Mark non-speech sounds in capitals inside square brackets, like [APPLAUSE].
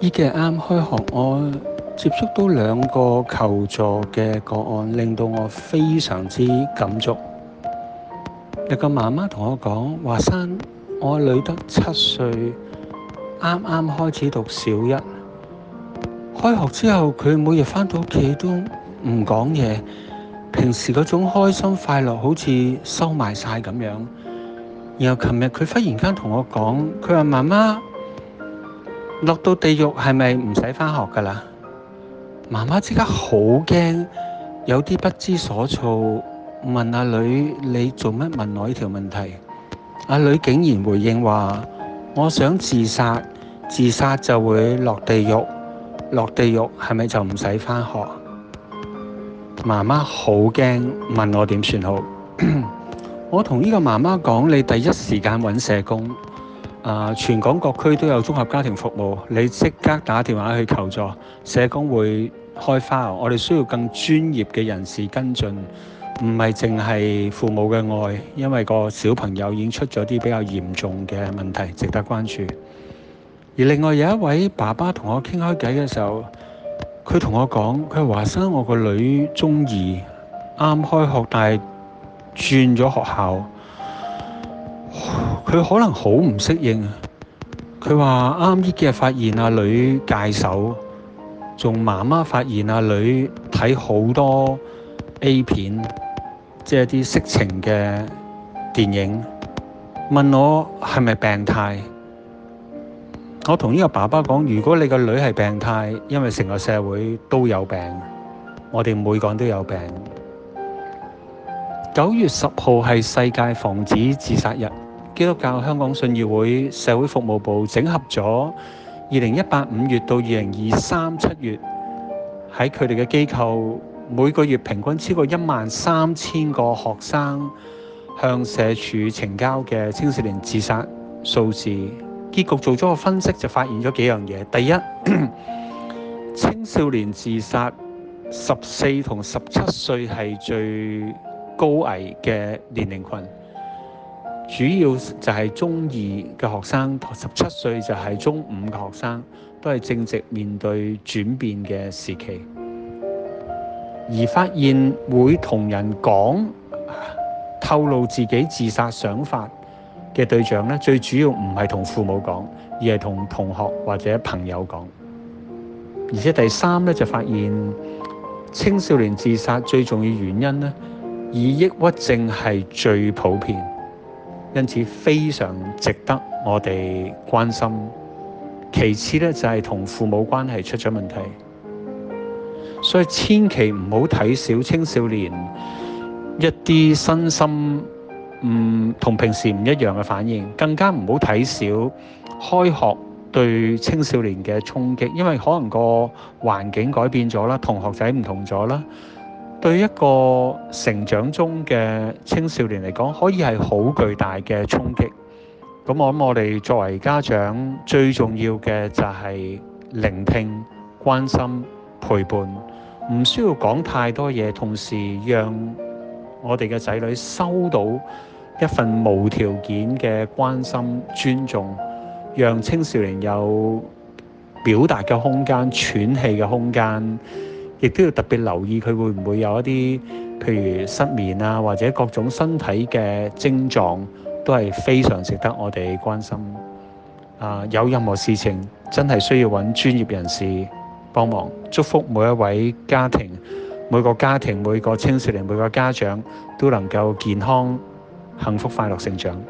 依幾日啱開學，我接觸到兩個求助嘅個案，令到我非常之感觸。有個媽媽同我講，華山，我女得七歲，啱啱開始讀小一。開學之後，佢每日返到屋企都唔講嘢，平時嗰種開心快樂好似收埋晒咁樣。然後琴日佢忽然間同我講，佢話媽媽，媽媽落到地獄係咪唔使返學㗎啦？媽媽即刻好驚，有啲不知所措，問阿女：你做乜問我呢條問題？阿女竟然回應話：我想自殺，自殺就會落地獄，落地獄係咪就唔使返學？媽媽好驚，問我點算好？ [COUGHS] 我同呢個媽媽講：你第一時間揾社工。啊！全港各區都有綜合家庭服務，你即刻打電話去求助，社工會開花。我哋需要更專業嘅人士跟進，唔係淨係父母嘅愛，因為個小朋友已經出咗啲比較嚴重嘅問題，值得關注。而另外有一位爸爸同我傾開偈嘅時候，佢同我講，佢話華山，我個女中二，啱開學但係轉咗學校，佢可能好唔適應。佢話啱啲嘅發現，阿女界手，仲媽媽發現阿女睇好多 A 片，即係啲色情嘅電影。問我係咪病態？我同呢個爸爸講：如果你個女係病態，因為成個社會都有病，我哋每個人都有病。九月十號係世界防止自殺日。基督教香港信義會社會服務部整合咗二零一八五月到二零二三七月喺佢哋嘅機構每個月平均超過一萬三千個學生向社署呈交嘅青少年自殺數字，結局做咗個分析就發現咗幾樣嘢。第一， [COUGHS] 青少年自殺十四同十七歲係最高危嘅年齡群。主要就係中二嘅學生，十七歲就係中五嘅學生，都係正直面對轉變嘅時期。而發現會同人講、透露自己自殺想法嘅對象呢，最主要唔係同父母講，而係同同學或者朋友講。而且第三呢，就發現，青少年自殺最重要原因呢，以抑鬱症係最普遍。因此非常值得我哋關心。其次咧，就係、是、同父母關係出咗問題，所以千祈唔好睇小青少年一啲身心唔同平時唔一樣嘅反應，更加唔好睇小開學對青少年嘅衝擊，因為可能個環境改變咗啦，同學仔唔同咗啦。對一個成長中嘅青少年嚟講，可以係好巨大嘅衝擊。咁我諗我哋作為家長，最重要嘅就係聆聽、關心、陪伴，唔需要講太多嘢，同時讓我哋嘅仔女收到一份無條件嘅關心、尊重，讓青少年有表達嘅空間、喘氣嘅空間。亦都要特別留意佢會唔會有一啲，譬如失眠啊，或者各種身體嘅症狀，都係非常值得我哋關心。啊，有任何事情真係需要搵專業人士幫忙。祝福每一位家庭、每個家庭、每個青少年、每個家長都能夠健康、幸福、快樂成長。